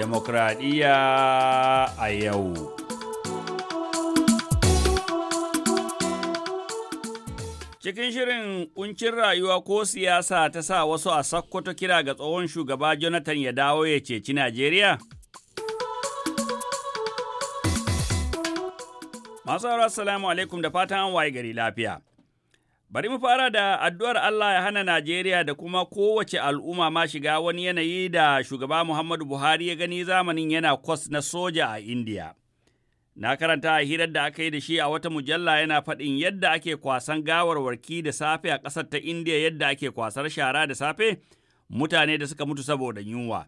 demokradiyya a yau. Cikin shirin kuncin rayuwa ko siyasa ta sa wasu a sakkwato kira ga tsohon shugaba Jonathan ya dawo ya ceci Najeriya? Masu salamu alaikum da fatan an waye gari lafiya. Bari mu fara da addu'ar Allah ya hana Najeriya da kuma kowace al'umma ma shiga wani yanayi da shugaba Muhammadu Buhari ya gani zamanin yana kwas na soja a Indiya. Na karanta a hirar da aka yi da shi a wata mujalla yana faɗin yadda ake kwasan gawarwarki da safe a ƙasar ta Indiya yadda ake kwasar shara da safe mutane da suka mutu saboda yunwa.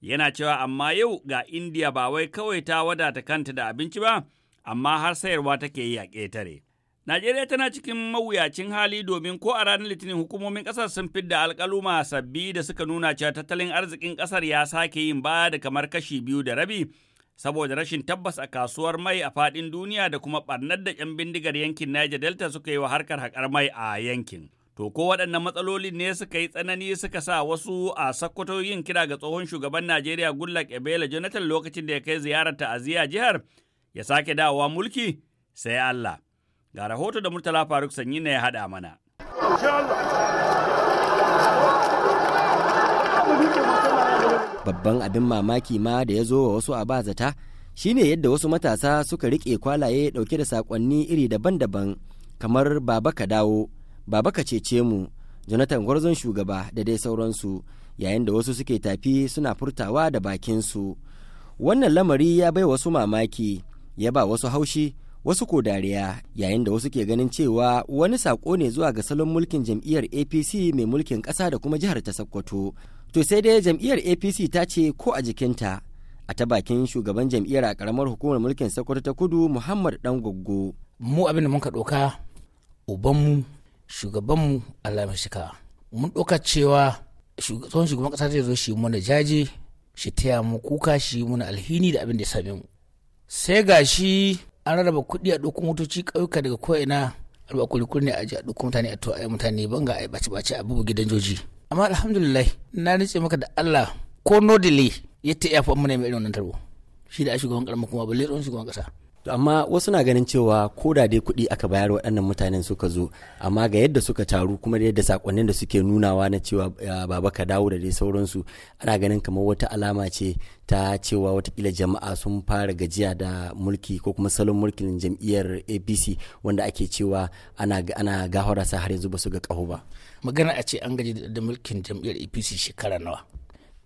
Yana cewa amma yau ga Indiya ba wai kawai ta wadata kanta da abinci ba, amma har sayarwa take yi a ƙetare. Najeriya tana cikin mawuyacin hali domin ko a ranar Litinin hukumomin ƙasar sun fidda alƙaluma sabbi da suka nuna cewa tattalin arzikin ƙasar ya sake yin ba da kamar kashi biyu da rabi saboda rashin tabbas a kasuwar mai a faɗin duniya da kuma ɓarnar da 'yan bindigar yankin Niger Delta suka yi wa harkar haƙar mai a yankin. To ko waɗannan matsalolin ne suka yi tsanani suka sa wasu a Sokoto yin kira ga tsohon shugaban Najeriya Goodluck Ebele Jonathan lokacin da ya kai ziyarar ta'aziyya jihar ya sake dawowa mulki sai Allah. Ga rahoto da Murtala Faruk Sanyi na ya haɗa mana. Babban abin mamaki ma da ya zo wa wasu a bazata shine yadda wasu matasa suka riƙe kwalaye ɗauke da saƙonni iri daban-daban kamar baba ka dawo, baba ka cece mu, Jonathan gwarzon shugaba da dai sauransu yayin da wasu suke tafi suna furtawa da bakinsu. Wannan lamari ya bai wasu mamaki, ya ba wasu haushi. wasu ko dariya yayin da wasu ke ganin cewa wani sako ne zuwa ga salon mulkin jam'iyyar apc mai mulkin ƙasa da kuma jihar ta sokoto to sai dai jam'iyyar apc ta ce ko a jikinta a ta bakin shugaban jam'iyyar a karamar hukumar mulkin sokoto ta kudu muhammad dan goggo mu abin da muka doka ubanmu shugabanmu allah shika mun doka cewa tsohon shugaban ƙasa zai zo shi mana jaje shi taya mu kuka shi muna alhini da abin da ya same mu sai gashi. an raba kuɗi a ɗauko motoci ƙauyuka daga ko'ina a ruwa kulikuli ne a ji a ɗauko mutane a to a yi mutane ban ga a yi bace-bace a bubu gidan joji amma alhamdulillah na nace maka da Allah ko nodili delay ya ta iya famu ne mai irin wannan tarbo shi da shugaban karamar kuma balle tsohon shugaban kasa amma wasu na ganin cewa ko da dai kuɗi aka bayar waɗannan mutanen suka zo amma ga yadda suka taru kuma da yadda sakonnin da suke nunawa na cewa baba ka dawo da dai sauransu ana ganin kamar wata alama ce ta cewa watakila jama'a sun fara gajiya da mulki ko kuma salon mulkin jam'iyyar apc wanda ake cewa ana ana gahara sa har yanzu ba su ga ƙaho ba magana a ce an gaji da mulkin jam'iyyar apc shekara nawa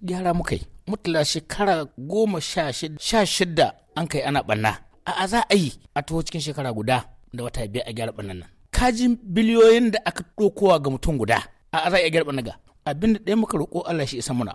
gyara muka yi mutula shekara goma sha shida an kai ana ɓanna a za a yi a taho cikin shekara guda da wata biyar a gyara ɓannan nan kajin biliyoyin da aka ɗaukowa ga mutum guda a za a a gyara ɓannan ga abinda ɗaya muka roƙo Allah shi isa muna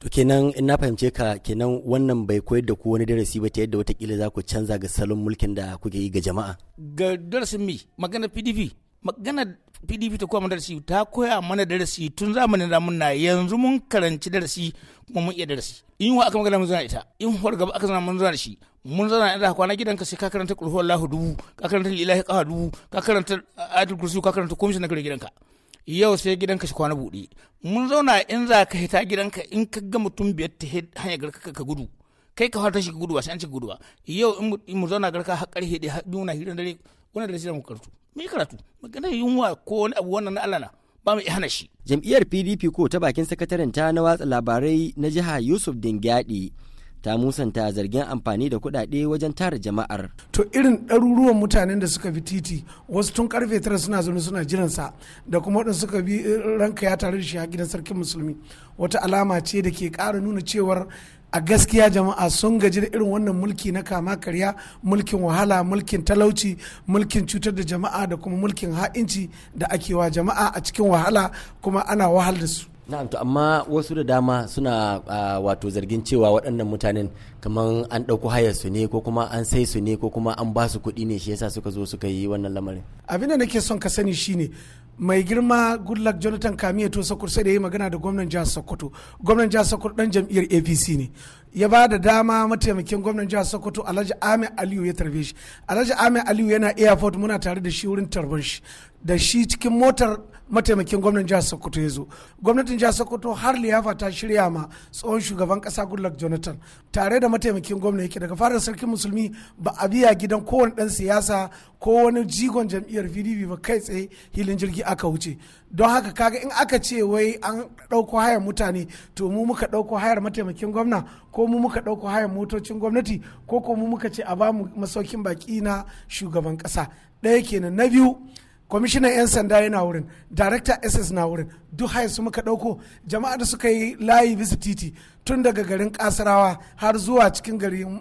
to kenan in na fahimce ka kenan wannan bai koyar da ku wani darasi ba ta yadda watakila za ku canza ga salon mulkin da kuke yi ga jama'a ga darasin mi magana pdp magana pdp ta koya mana darasi ta koya mana darasi tun zamanin da yanzu mun karanci darasi kuma mun iya darasi in wa aka magana mun zana ita in har gaba aka zana mun zana shi mun zana ina kwana gidanka sai ka karanta kulhu Allahu dubu ka karanta lillahi qaha dubu ka karanta uh, adil kursi ka karanta komishin na gidanka yau sai gidanka shi kwana buɗe mun zauna in za ka hita gidanka in ka ga mutum biyar ta hanyar garka ka gudu kai ka fata shi gudu ba sai an ci gudu ba yau in mu zauna garka har karhe da na hirar dare wannan da sai mu karatu mu yi karatu maganar yunwa ko wani abu wannan na Allah na ba mu hana shi. Jam'iyyar PDP ko ta bakin sakataren ta na watsa labarai na jiha Yusuf Dingyadi ta musanta zargin amfani da kuɗaɗe wajen tara jama'ar. To irin ɗaruruwan mutanen da suka bi titi wasu tun karfe tara suna zaune suna jiran sa da kuma waɗanda suka bi eh, ranka ya tare da shi a gidan sarkin musulmi wata alama ce da ke ƙara nuna cewar a gaskiya jama'a sun gaji da irin wannan mulki na kama karya mulkin wahala mulkin talauci mulkin cutar da jama'a da kuma mulkin ha'inci da ake wa jama'a a cikin wahala kuma ana wahal da su na'am to amma wasu da dama suna uh, wato zargin cewa waɗannan mutanen kamar an ɗauko hayarsu ne ko kuma an sai su ne ko kuma an ba su kuɗi ne shi yasa suka zo suka yi wannan lamarin abin da nake son ka sani shine mai girma goodluck jonathan kamiya to sokoto sai da yi magana da gwamnan jihar sokoto gwamnan jihar sokoto dan jam'iyyar apc ne ya ba da dama mataimakin gwamnan jihar sokoto alhaji ahmed aliyu ya tarbe shi alhaji ahmed aliyu yana airport muna tare da shi wurin tarban shi da shi cikin motar mataimakin gwamnan jihar sokoto ya zo gwamnatin jihar sokoto har liyafa ta shirya ma tsohon shugaban kasa goodluck jonathan tare da mataimakin gwamna yake daga fara sarkin musulmi ba a biya gidan kowane dan siyasa ko wani jigon jam'iyyar pdp ba kai tsaye hilin jirgi aka wuce don haka kaga in aka ce wai an ɗauko hayar mutane to mu muka ɗauko hayar mataimakin gwamna ko mu muka ɗauko hayar motocin gwamnati ko ko mu muka ce a ba mu masaukin baki na shugaban kasa ɗaya kenan na biyu kwamishinan 'yan sanda yana wurin darakta ss na wurin duk haya su muka ɗauko jama'a da suka yi layi bisa titi tun daga garin kasarawa har zuwa cikin garin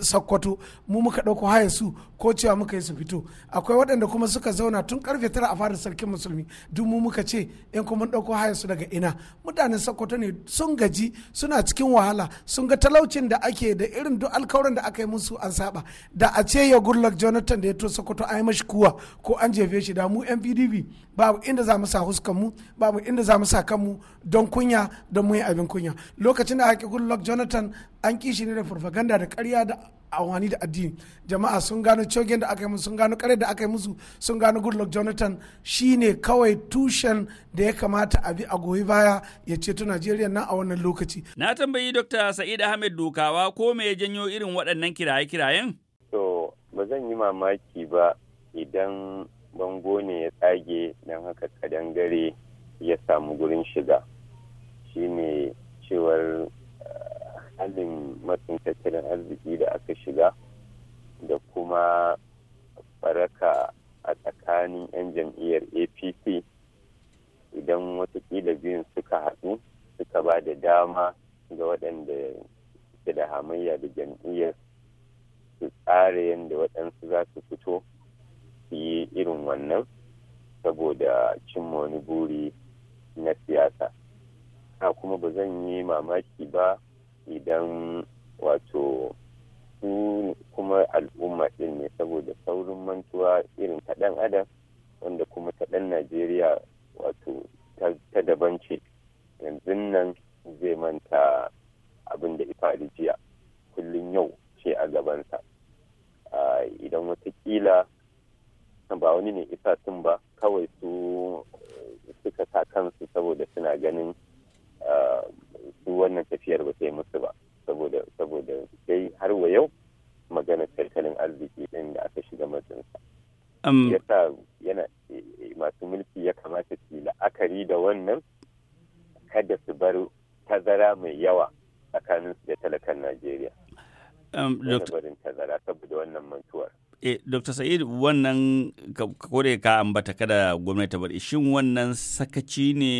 sakkwato mu muka ɗauko haya su ko cewa muka yi su fito akwai waɗanda kuma suka zauna tun karfe tara a fadar sarkin musulmi duk mu muka ce yan kuma ɗauko haya su daga ina mutanen sakkwato ne sun gaji suna cikin wahala sun ga talaucin da ake da irin duk alkawarin da aka yi musu an saba da a ce ya goodluck jonathan da ya to sakkwato a yi mashi kuwa ko an jefe shi da mu yan pdp babu inda za mu sa huskan mu babu inda za mu sa kanmu don kunya don mu yi abin kunya lokacin da ake goodluck jonathan an kishi ne da farfaganda da karya da awani da addini jama'a sun gano cogen da aka yi musu sun gano kare da aka yi musu sun gano goodluck jonathan shine kawai tushen da ya kamata a bi a goyi baya ya ceto najeriya nan a wannan lokaci na tambayi dr sa'id ahmed dokawa ko me ya janyo irin waɗannan kiraye-kirayen to ba zan yi mamaki ba idan bango ne ya tsage don haka kadangare ya samu gurin shiga shi ne cewar eh, halin matsin tattalin arziki da aka shiga da kuma faraka a tsakanin 'yan jam'iyyar apc idan watakila biyun suka haɗu suka ba da dama ga waɗanda ke da hamayya da jam'iyyar wani buri na siyasa a kuma ba zan yi mamaki ba idan wato su kuma al'umma ɗin ne saboda saurin mantuwa irin taɗan adam wanda kuma kaɗan najeriya wato ta daban ce yanzu nan zai manta abin da faru jiya kullum yau ce a gabansa ah, idan watakila ba wani ne isa tun ba kawai su eh, suka sa kansu saboda suna ganin eh, su wannan tafiyar ba ta yi musu ba saboda saboda sai har wa yau maganar tattalin arziki din da aka shiga matsinsa. yasa yana eh, masu mulki ya kamata su la'akari da wannan kada su bar tazara mai yawa tsakanin su da talakan Najeriya. Um, barin tazara saboda wannan mantuwar. Eh, Dr. Sa'id wannan kore ka ambata kada gwamnati ta bar shin wannan sakaci ne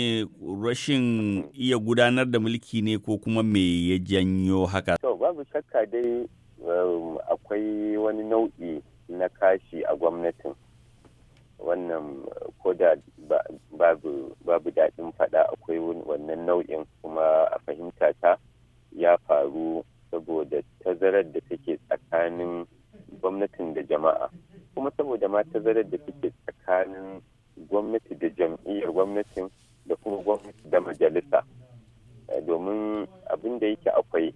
rashin iya gudanar da mulki ne ko kuma me ya janyo haka? To babu shakka dai um, akwai wani nau'i na kashi a gwamnatin wannan ko da babu daɗin faɗa akwai wannan nau'in tazarar da take tsakanin gwamnati da jam'iyyar gwamnatin da kuma gwamnati da majalisa eh, domin abin da yake akwai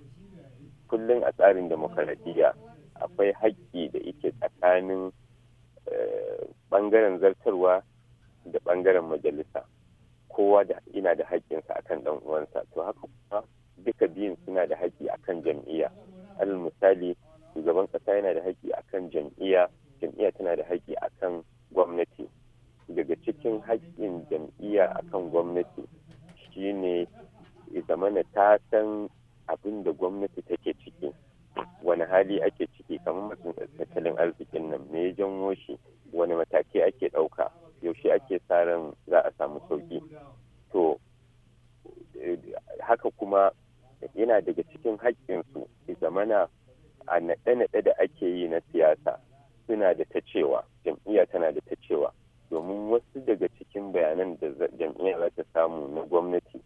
kullum a tsarin demokaradiyya akwai haƙƙi da yake tsakanin eh, ɓangaren zartarwa da ɓangaren majalisa kowa da ina da haƙƙinsa akan ɗan uwansa to haka kuma duka biyun suna da haƙƙi akan jam'iyya alal misali shugaban ƙasa yana da haƙƙi akan jam'iyya haƙƙin jam'iyya a kan gwamnati shine zamana ta san abin da gwamnati take ciki wani hali ake ciki kamar masu tattalin arzikin nan me ya janwo shi wani matakai ake ɗauka yaushe ake sa ran za a samu sauki to haka kuma yana daga cikin haƙƙinsu zamana a naɗe-naɗe da ake yi na siyasa suna da ta cewa jam'iyya tana da ta cewa domin wasu daga cikin bayanan da jam'iyya za ta samu na gwamnati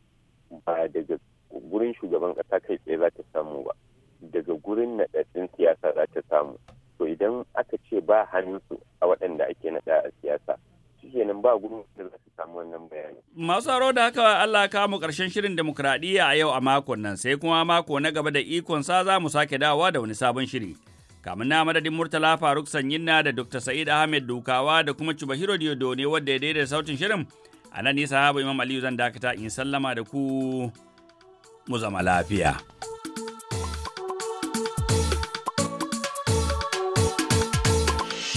ba daga gurin shugaban kasa kai tsaye za ta samu ba daga gurin naɗaɗɗin siyasa za ta samu to idan aka ce ba hannunsu a waɗanda ake naɗa a siyasa kenan ba gurin da za su samu wannan bayani. Masu aro da haka Allah ka mu karshen shirin demokradiyya a yau a makon nan sai kuma mako na gaba da ikon sa za mu sake dawowa da wani sabon shiri. Kamun na madadin Murtala Faruk na da Dr. Sa'id Ahmed Dukawa da kuma diodo ne wadda ya daidai sautin shirin. A nan nisa Imam Aliyu zan dakata in sallama da ku mu zama lafiya.